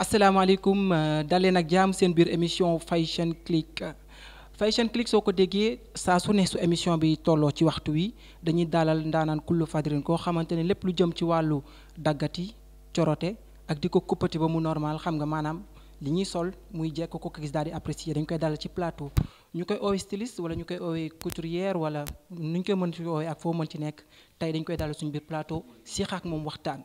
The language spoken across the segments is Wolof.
asalaamaaleykum euh, daleen nag jaam seen biir émission Fashion Clique Fashion Clique soo ko déggee saa su ne su émission bi tolloo ci waxtu wi dañuy daalal ndaanaan kullu fadrin koo xamante ne lépp lu jëm ci wàllu daggati corote ak di ko kuppati ba mu normal xam nga maanaam li ñuy sol muy jekk ko gis daal di apprécier dañ koy dalal ci plateau ñu koy oowee styliste wala ñu koy oowee couturière wala nu ñu koy mën ci oowee ak foo mën ci nekk tey dañ koy dalal suñu biir plateau si xaak moom waxtaan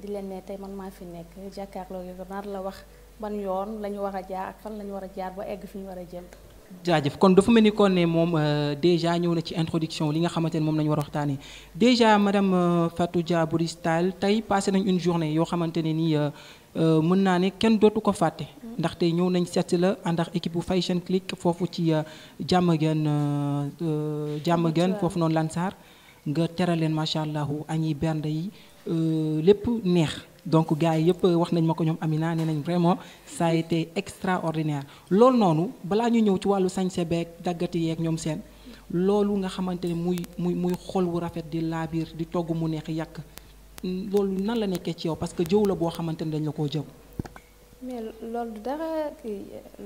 di leen ne tey man maa fi nekk jàkkaarloo yi nar la wax ban yoon la ñu war a jaar ak fan la ñu war a jaar ba egg fi ñu war a jëm. jaajëf kon dafa mel ni kon ne moom euh, déjà ñëw na ci introduction li nga xamante ne moom nañu war a waxtaanee déjà madame euh, Fatou Dia Boris Tall tey passé nañ une journée yoo xamante ne nii euh, mën naa ne kenn dootu ko fàtte. ndaxte ñëw nañ seet la ànd ak équipe bu Fashion Click foofu ci jàmm gën jàmm gën foofu noonu Lansar nga teral leen macha allah añi bernde yi. Euh, lépp neex donc gars yi yëpp wax nañ ma ko ñoom Amina nee nañ vraiment ça a été extraordinaire loolu noonu balaa ñu ñëw ci wàllu sañse beeg daggati yeeg ñoom seen loolu nga xamante ne muy muy muy xol wu rafet di laabiir di togg mu neex yàq loolu nan la nekkee ci yow parce que jëw la boo xamante ne dañ la koo jëw. mais loolu dara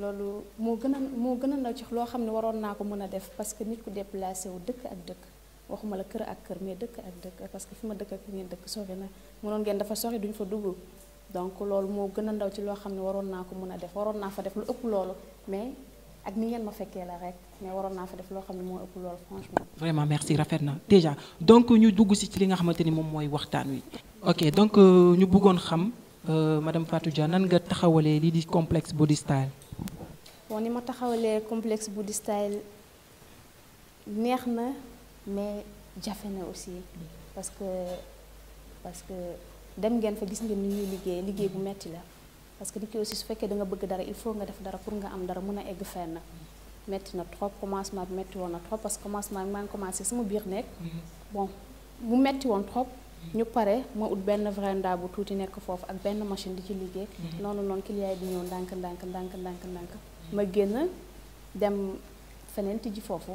loolu moo gën a moo gën a la jox loo xam ne waroon naa ko mën a def parce que nit ku déplacé wu dëkk ak dëkk. waxuma la kër ak kër mais dëkk ak dëkk parce que fi ma dëkk ak fi ngeen dëkk sori na mënoon ngeen dafa sori duñ fa dugg donc loolu moo gën a ndaw ci loo xam ne waroon naa ko mën a def waroon naa fa def lu ëpp loolu mais ak ni ngeen ma fekkee la rek mais waroon naa fa def loo xam ne moo ëpp loolu franchement. vraiment merci rafet na déjà donc ñu dugg si ci li nga xamante ni moom mooy waxtaan wi. ok donc euh, ñu bëggoon xam euh, madame Fatou Dia nan nga taxawalee lii di complexe body style. bon ni ma taxawalee complexe body style neex na mais jafe aussi parce que parce que dem ngeen fa gis ngeen ni ñuy liggéey liggéey bu metti la parce que nit ki aussi su fekkee da nga bëgg dara il faut nga def dara pour nga am dara mën a egg fenn metti na trop commencement bi metti woon na trop parce que commencement bi maa ngi commencé sama biir nekk bon mu metti woon trop ñu pare ma ut benn véranda bu tuuti nekk foofu ak benn machine di ci liggéey noonu noonu client yi di ñëw ndànk ndànk ndànk ndànk ndànk ma génn dem feneen tijji foofu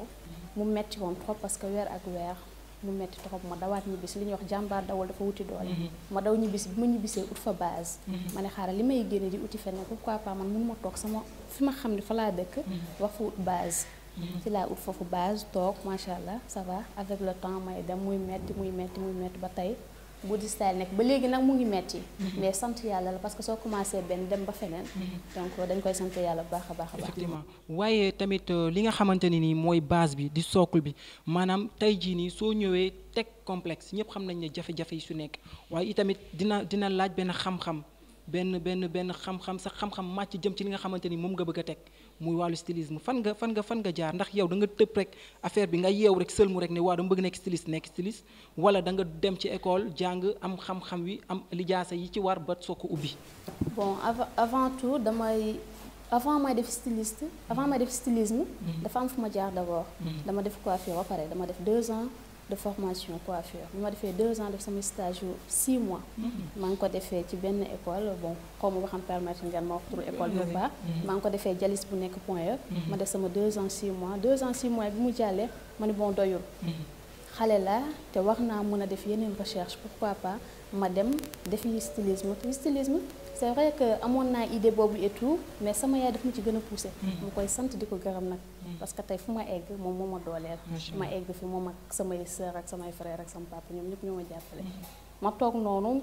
mu metti trop parce que weer ak weer mu metti trop ma dawaat ñibbis li ñuy wax jàmbaar dafa wuti mhm. daw ut base mhm. ma ne di uti pas man sama fima ma Je ne pas mhm. wax fa ut base ci ut base toog machallah, ça va avec le temps may dem muy metti muy metti metti ba body style nekk ba léegi nag mu ngi metti mais sant yàlla la parce que soo commencé ben dem ba fenen, donc dañ koy sant yàlla bu baax a baax effectivement waaye tamit euh, li nga xamante ne nii base bi di bi manam tey ni nii soo ñëwee complexe ñëpp xam ne jafe-jafe su nekk waaye itamit dina dina laaj ben xam-xam ben ben ben xam-xam sa xam-xam màcc jëm ci li nga xamante ni muy wàllu stylisme fan nga fan nga fan nga jaar ndax yow da nga tëb rek affaire bi nga yew rek seul mu rek ne waa dama bëgg nekk styliste nekk styliste wala da nga dem ci école jàng am xam-xam wi am lijaasa yi ci war ba soo ko ubbi. bon avant tout damay avant may def styliste avant may def stylisme. Mhm. dafa am fu ma jaar d'abord. Mhm. dama def coiffure ba pare dama def deux ans de formation faire. Je fait deux ans de semi-stage, six mois. Je me suis fait une école, bon, comme je me permettre de faire école ou pas. Je suis fait dialyse.fr. Je fait deux ans, six mois. Deux ans, six mois, je suis allé, je suis bon, d'ailleurs. Mm xale laa te waxna naa mën def yeneen recherche pourquoi pas ma dem defi stylisme stylisme c'est vrai que amone na idée bobu et tout mais sama ya daf ma ci gëna pousser poussé. mu hmm. koy sante diko ko nak hmm. parce que tay fuma ma egg mom moma ma dooleel. ma egg fi moom ak samay sœur ak sama frère ak sama papa ñom ñep ñoma jappalé ma tok nonu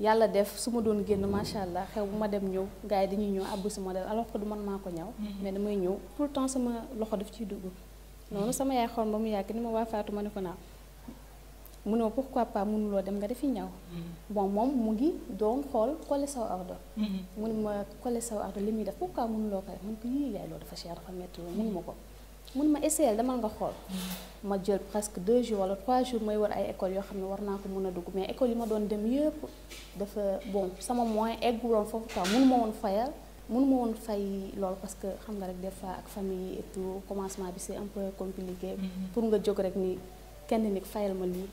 yalla def suma doon genn machallah xew buma ma dem ñew gaay yi dañuy ñew àbb si modèle alors que du man mako ñaw. Hmm. mais damay ñew tout temps sama loxo daf ci dugg. non sama yay xol ba yag ni ma waa Fatou ma ne ko pourquoi pas mënuloo dem nga defi ñaw bon mom mu ngi doon xol kolé saw ardo mu ma kolé saw ardo limi def pourquoi mënuloo ko mun ko yii yaay loolu dafa cher dafa métti loolu mënu ma ko mun ma essayé dama nga xol ma jël presque 2 jours wala 3 jours may war ay école yo xam war na ko mëna a dugg mais école yi ma doon dem yëpp dafa bon sama moyen egguloon fofu ta mënu ma won fayal mënu ma woon fay loolu parce que xam nga rek des fois ak famille et tout commencement bi c'est un peu compliqué. Mhm. pour nga jóg rek ni kenn ni fayal ma lii.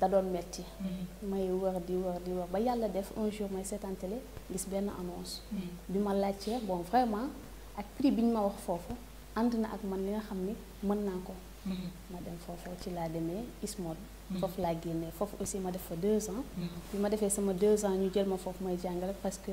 da doon metti mhm. may wër di wër di wër ba yàlla def un jour may seetaan télé gis benn annonce. Mhm. bi ma laajtee bon vraiment ak prix bi ñu ma wax foofu ànd na ak man li nga xam ni mën naa ko. ma dem foofu ci laa demee ISMOD. foofu laa génnee foofu aussi ma def fa deux ans. bi ma defee sama deux ans ñu jël ma foofu may jàngale parce que.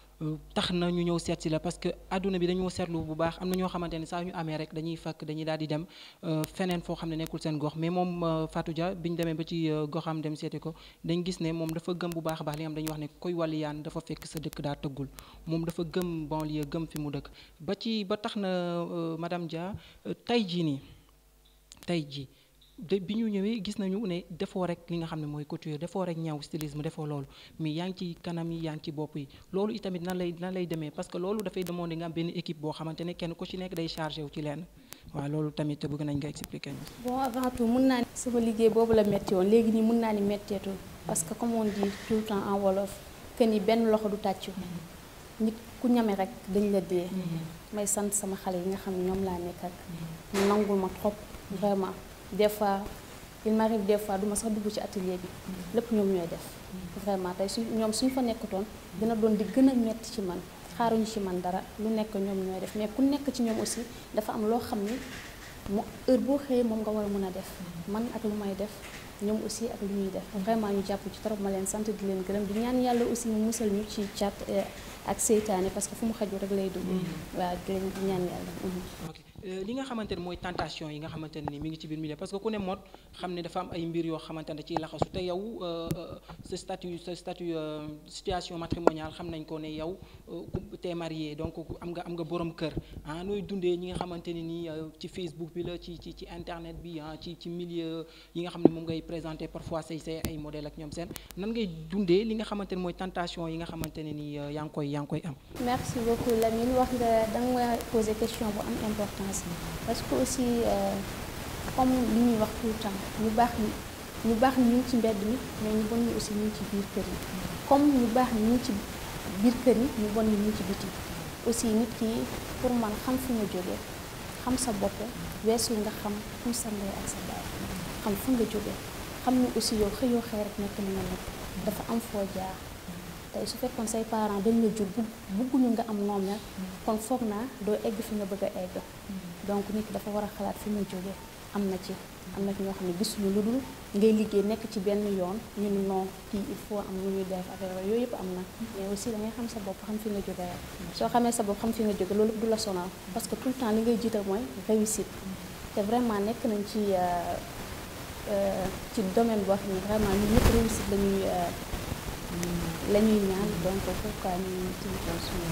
tax na ñu ñëw seet la parce que adduna bi dañu seetlu bu baax am na ñoo xamante ne saa ñu amee rek dañuy fakk dañuy daal di dem feneen foo xam ne nekkul seen gox mais moom Fatou Dia bi ñu demee ba ci goxam dem seeti ko dañ gis ne moom dafa gëm bu baax baax li nga xam dañuy wax ne koy yaan dafa fekk sa dëkk daa tëggul moom dafa gëm bon lieu gëm fi mu dëkk ba ci ba tax na madame Dia tey jii nii tey jii de bi ñu ñëwee gis nañu ne defoo rek li nga xam ne mooy couture defoo rek ñaw stylisme defoo loolu mais yaa ci kanam yi yaa ci bopp yi loolu itamit nan lay nan lay demee parce que loolu dafay demander nga am benn équipe boo xamante ne kenn ku ci nekk day chargé wu ci lenn waaw nañ nga expliquer ñu. bon avant naa sama liggéey boobu la métti woon léegi nii mun naa ni métteetul parce que comme on dit tout le temps en wolof que ni benn loxo du tàccu. nit ku ñame rek dañ la dee. Mm-hmm. may sant sama xale yi nga xam ne ñoom laa nekk ak. Mm-hmm. nangul ma trop vraiment. des fois il m'arrive des fois duma sax dugg ci atelier bi lépp ñoom ñooy def vraiment tey su ñoom suñu fa nekkutoon dina doon di gën a metti ci man xaaruñu ci man dara lu nekk ñoom ñooy def mais ku nekk ci ñoom aussi dafa am loo xam ni mu heure boo xëyee moom nga war a mën a def man ak lu may def ñoom aussi ak lu ñuy def vraiment ñu jàpp ci trop ma leen sant di leen gërëm di ñaan yàlla aussi mu musal ñu ci cat eh, ak seytaane parce que fu mu xaju rek lay dugg mm-hmm. waaw di leen Euh, li nga xamante ne mooy tentation yi nga xamante ni mi ngi ci biir milieu parce que ku ne mode xam ne dafa am ay mbir yoo xamante ne ciy laxasu te yow euh, euh, sa statut sa statut situation matrimoniale xam nañ ko ne yow t'es marié donc am nga am nga borom kër ah nooy dundee ñi nga xamante ni ci Facebook bi la ci ci internet bi ah ci ci milieu yi nga xam ne moom ngay présenter parfois say say ay modèle ak ñoom seen nan ngay dundee li nga xamante ne mooy tentation yi nga xamante ni yaa ngi koy yaa ngi koy am. merci beaucoup Lamine wax nga da nga poser question bu am important. différence parce que aussi euh, comme li ñuy wax tout ñu baax ñi ñu baax ñi ñu ci mbedd mi mais ñu bon ñi aussi ñu ngi ci biir kër yi comme ñu baax ñi ñu ci biir kër yi ñu bon ñi ñu ci biti aussi nit ki pour man xam fi nga jógee xam sa bopp weesu nga xam ku sa ndey ak sa baay xam fu nga jóge xam ni aussi yow xëyoo xëy rek nekk li nga nekk dafa am foo jaar tey su fekkoon say parent dañ la jur bu bugguñu nga am moom nag kon foog naa doo egg fi nga bëgg a egg donc nit dafa war a xalaat fi muy jóge am na ci am na ñoo xam ne gisuñu lu dul ngay liggéey nekk ci benn yoon ñu ne non kii il faut am lu ñuy def yooyu yëpp am na aussi da ngay xam sa bopp xam fi nga jóge soo xamee sa bopp xam fi nga jóge loolu du la sonal parce que tout le temps li ngay jiital mooy réussite te vraiment nekk nañ ci euh, euh, ci domaine boo xam ne vraiment ñu ñëpp réussite lañuy euh, la ñuy ñaan donc pourquoi ñu suñu kaw suñu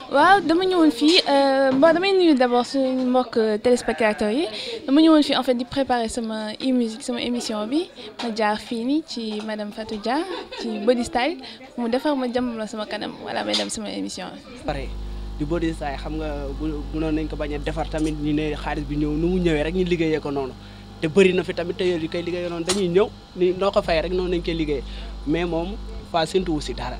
waaw dama ñëwoon fii euh, bon damay nuyu d'abord suñu mbokk euh, téléspectateurs yi dama ñëwoon fii en fait di préparer sama e-musique sama émission bi ma jaar fii nii ci madame Fatou Dia ci Body Style mu defar ma jàmm la sama kanam wala may dem sama émission pare di Body Style xam nga bu mënoon nañ ko bañ a defar tamit ñu ne xaalis bi ñëw nu mu ñëwee rek ñu liggéeyee ko noonu te barina fi tamit te yooyu koy liggéeyee noonu dañuy ñëw noo ko fay rek noonu nañ koy liggéeyee mais moom fa séntuwu si dara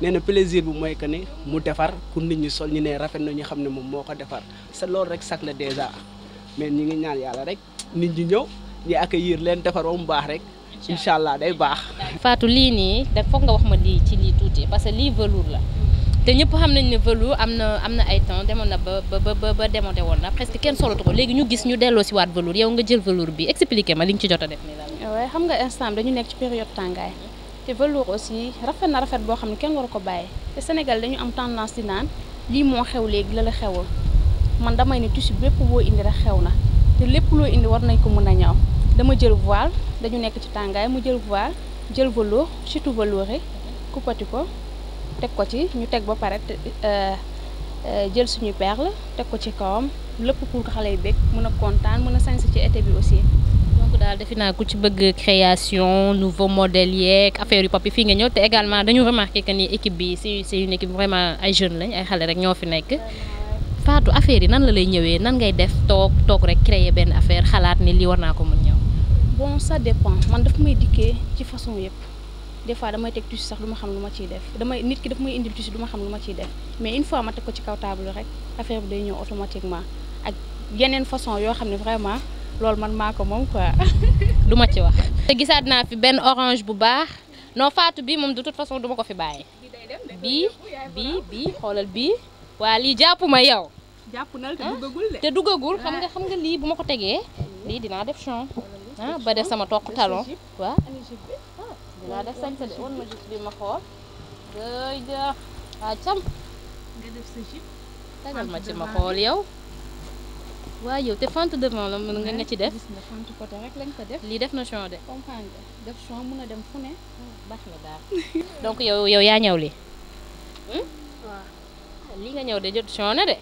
nee na plaisir bi mooy que ne mu defar pour nit ñi sol ñu ne rafet na ñu xam ne moom moo ko defar sa lool rek sax la dèjà mais ñi ngi ñaan yàlla rek nit ñi ñëw ñi accueillir leen defar ba mu baax rek. incha allah day baax. faatu lii nii da foog nga wax ma lii ci lii tuuti parce que lii velours la te ñëpp xam nañ ne velours am na am na ay temps demoon na ba ba ba ba démonté woon na presque kenn solatu ko léegi ñu gis ñu delloo si waat velours yow nga jël velours bi expliqué ma li nga ci jot a def nii ah nga instant dañu nekk ci période tàngaay. te velours aussi rafet na rafet boo xam ne kenn waru ko bàyyi te Sénégal dañu am tendance di naan lii moo xew léegi la la xewul man damay ne tissu bépp woo indi rek xew na te lépp loo indi war nañ ko mën a ñaw dama jël voile dañu nekk ci tàngaay mu jël voile jël velours surtout velours yi kuppati ko teg ko ci ñu teg ba pare euh, euh, jël suñu perle teg ko ci kawam lépp pour xale yi bëgg mën a kontaan mën a sañse ci été bi aussi. dal defe naa ku ci bëgg création nouveau modèle yeeg affaire yu papi fii nga ñëw te également dañu remarquer que ni équipe bi c'est c'est une équipe vraiment ay jeunes lañ ay xalé rek ñoo fi nekk Fatou affaire yi nan la lay ñëwé nan ngay def tok tok rek créer ben affaire xalaat ni li warna ko mun ñëw. bon ça dépend man daf may dikkee ci façon yépp des fois damay teg tissu sax luma xam luma ma ciy def damay nit ki daf may indi tu ci ma xam luma ma ciy def mais une fois ma tek ko ci kaw table rek affaire bi day ñëw automatiquement ak yenen façon yo xam vraiment. loolu man maa ko moom quoi du ma ci wax. te gisaat naa fi benn orange bu baax noo faatu bii moom de toute façon du ko fi bàyyi bii bii xoolal bii waa lii jàpp ma yow. jàpp na te ah? duggagul te duggagul xam nga ah. xam nga lii bu ma ko tegee lii dinaa def champ ah, ba def sama toq talon waaw dinaa def sañse de woon ma gis bi ma ma xool yow waaw yow te fente devant la mën nga nga ci def. gis nga fente côté rek lañ ko def. lii def na champ de. comprendre nga def champ mën a dem hmm, donc yow yow yaa ñëw li waaw. Hmm? lii nga ñëw de jot champ na de.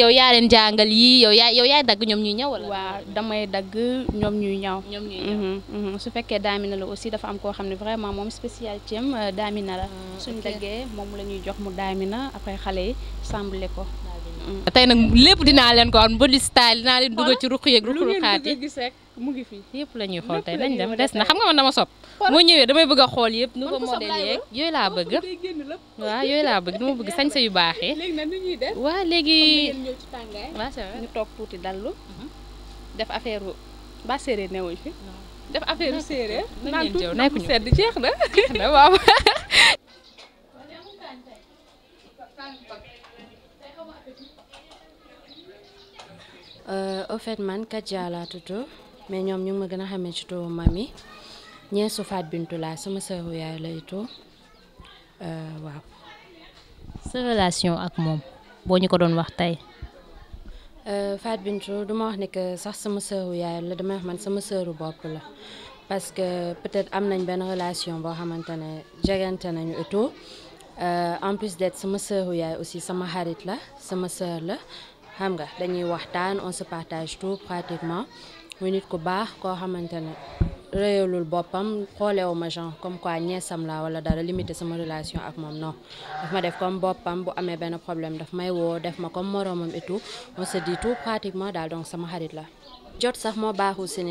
yow yaa leen jàngal yii yow yaa yow yaay dagg ñoom ñuy ñaw wala. waaw damay dagg ñoom ñuy ñaw. ñoom ñuy mhm, ñaw mhm. su fekkee daamina la aussi dafa am koo xam ne vraiment moom spécialité am euh, daamina la. Hmm, suñ daggee moom la ñuy jox mu daamina après xale yi sàmbale ko. tey nag lépp dinaa leen ko wan body style dinaa leen dugal ci ruq yeeg ruq ruqaat yi mu ngi fi yëpp la ñuy xool tey dañ dem des na xam nga man dama sob moo ñëwee damay bëgg a xool yëpp nouveau modèle yeeg laa bëgg waaw yooyu laa bëgg dama bëgg sañse yu baax yi waaw léegi waaw c'est vrai ñu toog tuuti dallu mm-hmm. def affaire u ba séeréer newuñ fi def affaire u séeréer naan tuuti sedd jeex na waaw Euh, au fait man Kadja laa mais ñoom ñu ma gën a xamee ci turu mami ñeesu Faat Bintu laa sama sëru yaay lay euh, waaw. sa ak moom boo ñu ko doon wax tey. Euh, Faat Bintu du ma wax ne que sax sama sëru yaay la dama wax man sama sëru bopp la parce que peut-être am nañ benn relation boo xamante ne jegante nañu et tout en plus d'être sama sëru yaay aussi sama xarit la sama sœur la. xam nga dañuy waxtaan on sa partage tout pratiquement muy nit ku baax koo xamante ne réyalul boppam xoolewu ma genre comme quoi ñeesam la wala dara limité sama relation ak moom non dafa ma def comme boppam bu amee benn problème dafa may woo def ma comme moromam et tout se dit tout pratiquement daal donc sama xarit la jot sax moo baaxul si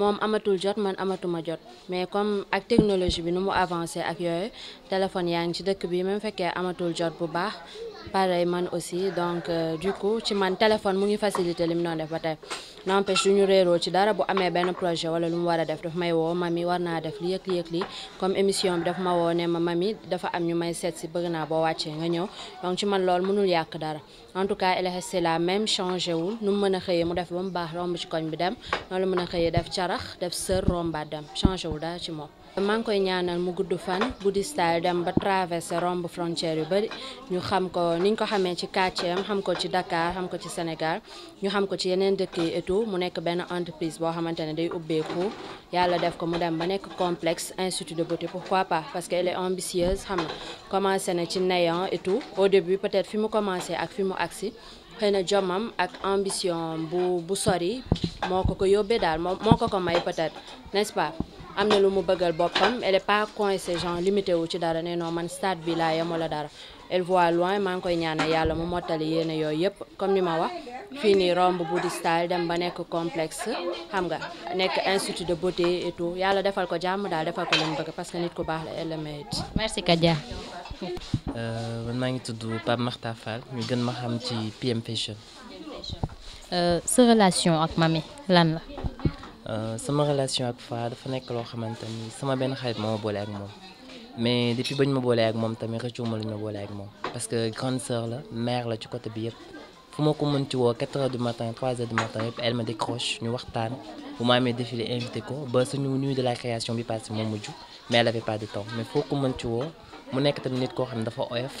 moom amatul jot man amatuma jot mais comme ak technologie bi nu mu avancer ak yooyu téléphone yaa ngi ci dëkk bi même fekkee amatul jot bu baax pareil man aussi donc euh, du coup ci man téléphone mu ngi facilité li mu doon def ba tey n'empêche du ñu réeroo ci dara bu amee benn projet wala lu mu war a def dafa may woo mami war naa def li yëg li yëg li comme émission bi daf ma woo ne ma mami dafa am ñu may seet si bëgg naa boo wàccee nga ñëw donc ci man loolu mënul yàq dara en tout cas LHC la même changé wul nu mu mën a xëyee mu def ba mu baax romb ci koñ bi dem noonu la mën a xëyee def carax def sër rombaat dem changé wul dara ci moom maa ngi koy ñaanal mu gudd fan Bouddhist dem ba traversé romb frontière yu bëri ñu xam ko niñ ko xamee ci quartier xam ko ci Dakar xam ko ci Sénégal ñu xam ko ci yeneen dëkk yi et mu nekk benn entreprise boo xamante ne day ubbeeku yàlla def ko mu dem ba nekk complexe institut de beauté pourquoi pas parce que elle est ambitieuse xam na commencé na ci néant et tout au début être fi mu commencé ak fi mu agsi xëy na jomam ak ambition bu bu sori moo ko ko yóbbee daal moo ko ko may amna lu mu bëggal bopam elle est pas coincée genre limité wu ci dara né non man stade bi la yamola dara elle voit loin maa ngi koy ñaané yalla mu motali yéene yooyu yëpp comme ni ma wax fini romb Body Style dem ba nek complexe xam nga nek institut de beauté et tout yalla defal ko jamm dal defal ko mu bëgg parce que nit ko baax la elle le mérite. merci Kadia. man euh, maa ngi tudd Pape Makhtar Fall ñu gën ma xam ci PM Fashion. Euh, sa relation ak mamé lan la. Euh, sama relation ak Fa dafa nekk loo xamante ni sama benn xarit moo ma boole ak moom mais depuis bañ ma boolee ak moom tamit rëccuwuma lu ñu ma boolee ak moom parce que grande sœur la mère la ci côté bi yëpp fu ma ko mën ci woo 4 heures du matin 3 heures du matin yëpp elle me décroche ñu waxtaan bu ma amee défilé invité ko ba suñu nuit de la création bi passé moom mujj mais elle avait pas de temps mais foo ko mën ci woo mu nekk tamit nit koo xam ne dafa oyof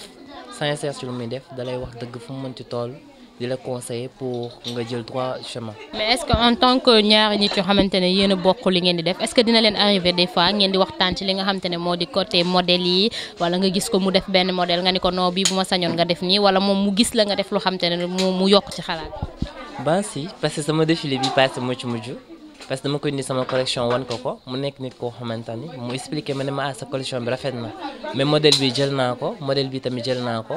sincère ci lu muy def dalay wax dëgg fu mu mën ci tool di la conseiller pour nga jël droit chemin. mais est ce qu'en tant que ñaar ñi ci xamantene ne bokku li ngeen di def est ce que dina leen arriver des fois ngeen di waxtaan ci li nga xamantene modi côté modèle yi wala nga gis ko mu def ben modèle nga ni ko no bi buma sañon nga def ni wala mom mu gis la nga def lu xamantene ne mu mu yokk ci xalaat. Ba si parce que sama défilé bi passé mo ci muju parce que dama koy indi sama collection wan ko ko mu nekk nit ko xamante mu expliquer mané ma ah sa collection bi rafet na mais modèle bi jël naa ko modèle bi tamit jël naa ko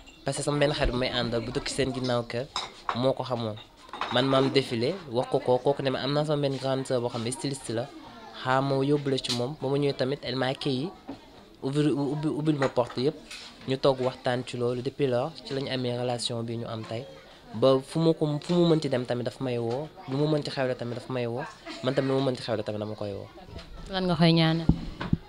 parce que ben benn bu may andal bu dëkk seen ginnaw kër moko xamoon man mam défilé wax ko ko kooku ne ma amna sama ben grande sœur bo xam ne styliste la xaa ma yóbbu ci mom bama ma tamit elle m'a kayi ubil ubil ma porte yëpp ñu tok waxtaan ci loolu depuis là ci lañ amé relation bi ñu am tay ba fu mu ko fu mu mënti dem tamit daf may wo bu mu mënti xewle tamit daf may wo man tamit mu mënti xewle tamit dama koy wo lan nga koy ñaanal.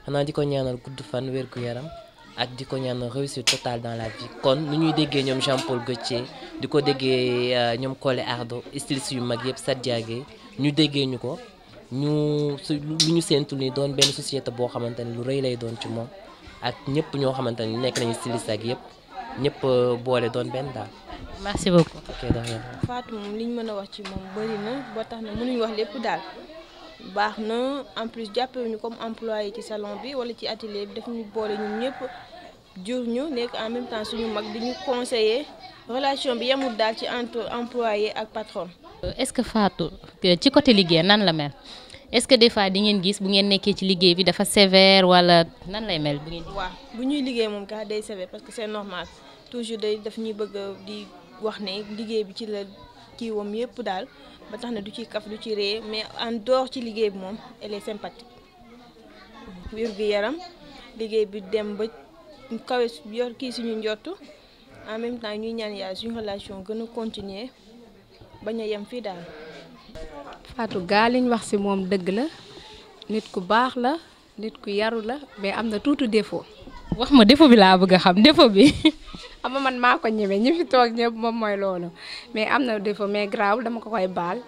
xanaa di ko ñaanal gudd fan wër ku yaram. ak diko ñaan réussite totale dans la vie kon nu ñuy déggé ñom Jean Paul Gaultier diko déggé ñom euh, ñoom Ardo styliste yu mag yëpp Sadia Gueye ñu déggé ñuko ñu su lu ñu séentu ni doon ben société bo xamante lu reuy lay doon ci mom ak ñepp ño xamante nek nekk nañu styliste ak yëpp ñepp euh, boole doon ben daal. merci beaucoup. ok Fatou moom li ñu wax ci mom bari na ba tax na mënuñ wax lepp dal baxna en plus jàppee ñu comme employé ci salon bi wala ci atelier bi daf ñu boole ñun ñëpp jur ñu nekk en même temps suñu mag diñu conseiller relation bi yamul dal ci entre employé ak patron. Euh, est-ce que Fatou ci côté liggéey nan la mel est-ce que des fois di ngeen gis bu ngeen nekkee ci liggéey bi dafa sévère wala nan lay mel. bu ngeen wa bu ñuy liggéey moom day sévère parce que c'est normal toujours day daf ñuy bëgg di wax ne liggéey bi ci la kii wam ba tax na du ci kaf du ci ree mais en dehors ci liggéey bi moom elle est sympathique wér yaram liggéey bi dem ba kawe yor kii suñu njott en même temps ñuy ñaan yaay suñu relation gën a continuer bañ a yem fii daal. Fatou Ga wax ci moom dëgg la nit ku baax la nit ku yaru la mais am na tuuti défaut. wax ma défaut bi laa bëgg a xam défaut bi. xam man maa ko ñeme ñi fi toog ñëpp moom mooy loolu mais am na défaut mais garaawul dama ko koy baal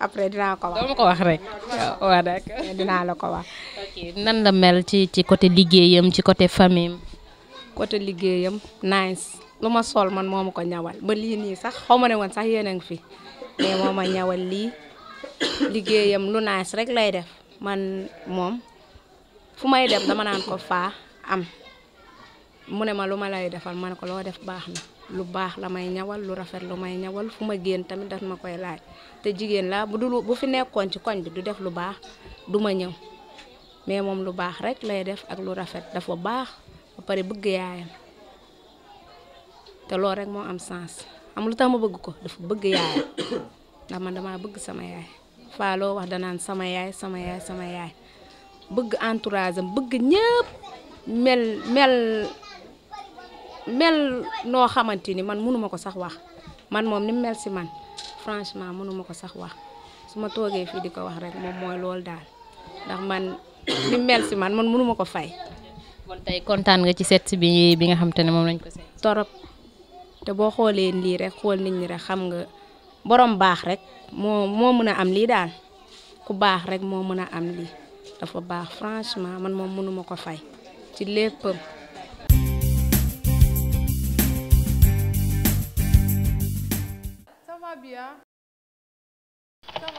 après dinaa ko wax. ko wax la ko wax. nan la mel ci ci côté liggéeyam ci côté famille côté liggéeyam nice lu ma sol man moo ma ko ñawal ba lii nii sax xaw ma ne woon sax yéen a ngi fi mais moo ma ñawal lii liggéeyam lu nice rek lay def man moom fu may dem dama naan ko faa am. mu ne ma lu ma lay defal ma ne ko loo def baax na lu baax la may ñawal lu rafet lu may ñawal fu ma génn tamit daf ma koy laaj te jigéen laa bu dul bu fi nekkoon ci koñ bi du def lu baax du ma ñëw mais moom lu baax rek lay def ak lu rafet dafa baax ba pare bëgg yaayam te loolu rek moo am sens am lu ma bëgg ko dafa bëgg yaayam ndax damaa bëgg sama yaay faa wax danaan sama yaay sama yaay sama yaay mel mel. mel no xamante man mënuma ko sax wax man mom ni mel si man franchement mënuma ko sax wax su ma toogee fii wax rek moom mooy loolu ndax man ni mel si man man mënuma ko fay. kon tey kontaan nga ci set si bi bi nga xam te lañ ko torop te rek xool nit ñi rek xam nga borom baax rek moo moo mën am lii daal ku baax rek moo mën am lii dafa franchement man moom mënuma ko fay ci Hallelujah. Ça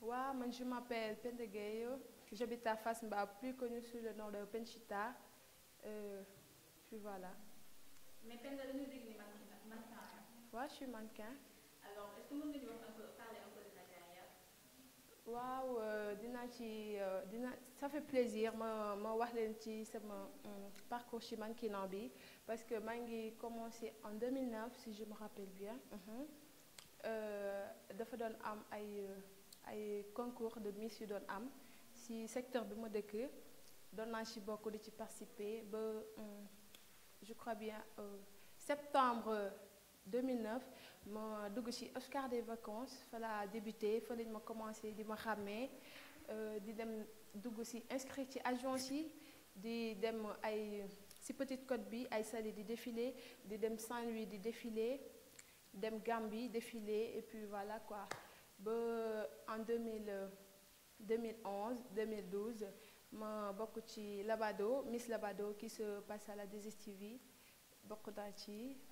va, wow, je m'appelle Pendegayo. J'habite à Fasmba, plus connu sous le nom de Penchita. Euh, puis voilà. Mais Pendegayo, nous dit que mannequin. Oui, je suis mannequin. Alors, est-ce que vous pouvez parler un peu waaw euh, euh, ça fait plaisir ma ma wax de ci sama euh, parcours chez Mankinambi, parce que Mangi a commencé en 2009 si je me rappelle bien mhm. dafa doon am ay ay concours de miss Don am si secteur de ma dëkk Don naa ci participer je crois bien septembre 2009 ma dugg ci Oscar des vacances fa débuter, débuté fa commencer, ma commencé di ma euh di dem dugg ci inscrit ci agence yi di dem ay ci Petite Côte bi ay salle di défiler di dem Saint-Louis di défiler dem Gambie défiler et puis voilà quoi ba en 2000 2011 2012 ma bokk ci Labado Miss Labado qui se passe à la 2 TV, bokk naa ci.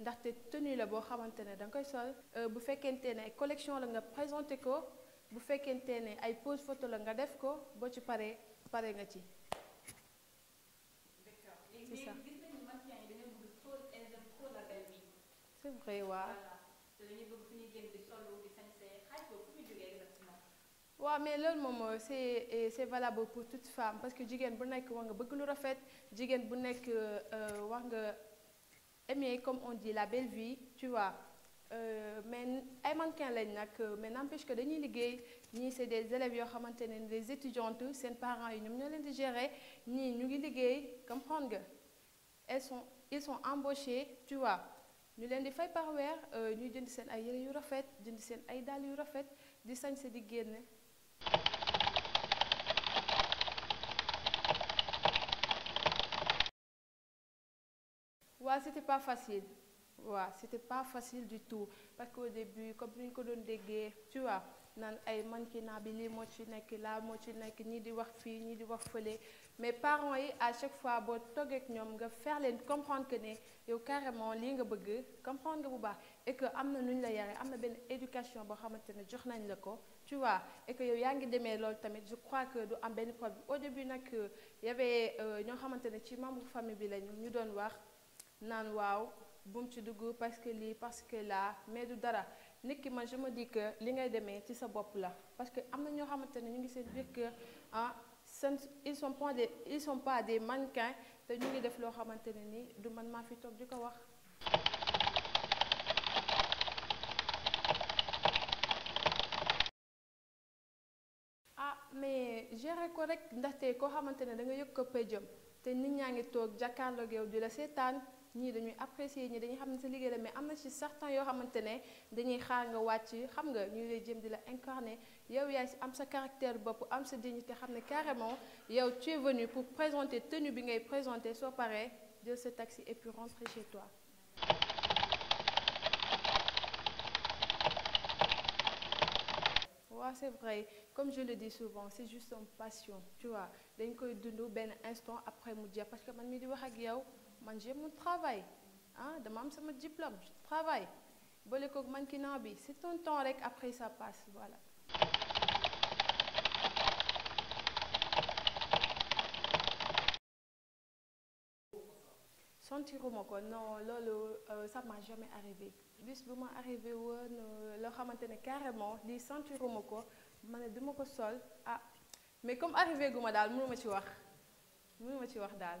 ndaxte tenue la boo xamante ne da nga koy sol euh, bu fekkente ne ay collection la nga présenté ko bu fekkente ne ay pose photo la nga def ko boo ci paree pare nga ci c'est ça c'est vrai waaw waaw mais loolu moom euh, c'est euh, c'est valable pour toute femme parce que jigéen bu nekk war nga bëgg lu rafet jigéen bu nekk wax nga eh comme on dit, la belle vie, tu vois. Euh, mais ay lañ nak euh, mais n'empêche que dañuy liguey ni c'est des élèves yo xamante des étudiantes parents Ils ñoo di gérer sont ils sont embauchés tu vois ñu leen di fay par euh, ñuy jënd sen ay yu rafet jënd sen ay yu c'était pas facile c'était pas facile du tout parce qu'au début comme une colonne ko doon tu vois naan ay mannequinat bi lii moo ci nekk la moo ci que ni di wax fii ñii di wax mais parents yi à chaque fois boo toggee ak ñoom nga faire les comprendre que ne au carrément lingue nga bëgg comprendre nga bu baax et que amener une nu amener la yaree am éducation boo xamante ne jox nañ la tu vois et que yow yaa ngi demee loolu tamit je crois que du am benn problème au début il euh, y avait euh, ñoo xamante ne ci membre famille bi nous ñu doon wax nan waaw bum ci duggu parce que li parce que la mais du dara nit ki man je me dis que li ngay demee ci sa bop la parce que amna ño ñoo ñu ngi seen biir ah ils sont pas des ils sont pas des mannequins te ñu ngi def lo xamante ni du man maa fi toog wax. ah mais j'ai ko rek ndaxte ko xamante da nga yëg ko péjëm té nit ñaa ngi toog jàkkaarloog yow di la seetaan ñii dañuy apprécier ñii dañuy xam ne sa liggéey la mais am na ci certains yoo xamante ne dañuy xaar nga wàcc xam nga ñu lay jëm di la incarner yow yaay si am sa caractère bopp am sa dignité xam ne carrément yow tu es venu pour présenter tenue bi ngay présenter soo paree jël sa taxi et puis rentrer chez toi. waaw c'est vrai comme je le dis souvent c'est juste une passion tu vois dañ koy dund benn instant après mu jeex parce que man mi di wax ak yow man j'ai mon travail Hein? Ah, dama am sama diplôme je travaille boole koog mannequinat bi c'est ton temps rek après ça passe voilà. sentiruma moko, non loolu euh, ça m'a jamais arrivé Juste bu ma arrivé woon euh, loo xamante ne carrément lii sentiruma ko ma ne duma ko sol ah mais comme arrivé gu ma daal mënu ma ci wax mënu ma ci wax daal.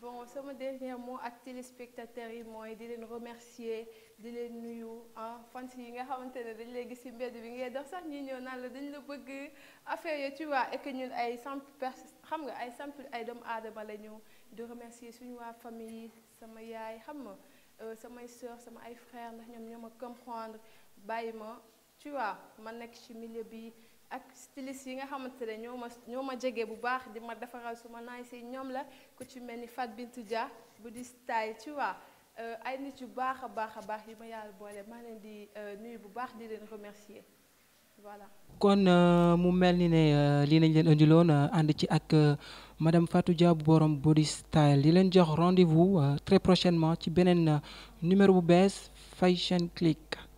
bon sama dernier mot à téléspectateurs et moi remercier de ah, fans yi nga affaire tu vois et que ñun ay simple xam nga ay simple ay de remercier suñu famille sama yaay euh, soeur sama ay frère nous comprendre tu vois ma milieu ak styliste yi nga xamante ne ñoo ma ñoo ma jege bu baax di ma defaral su ma naay si ñoom la ku ci mel ni Fat Bintou Dia bu di style tu vois euh, ay nit yu baax a baax a baax yi ma yàlla boole maa leen di euh, nuyu bu baax di leen remercier voilà. kon euh, mu mel ni ne lii nañ leen indiloon ànd ci ak madame Fatou Dia bu borom body style di leen jox rendez-vous très prochainement ci beneen numéro bu bees Fashion Click.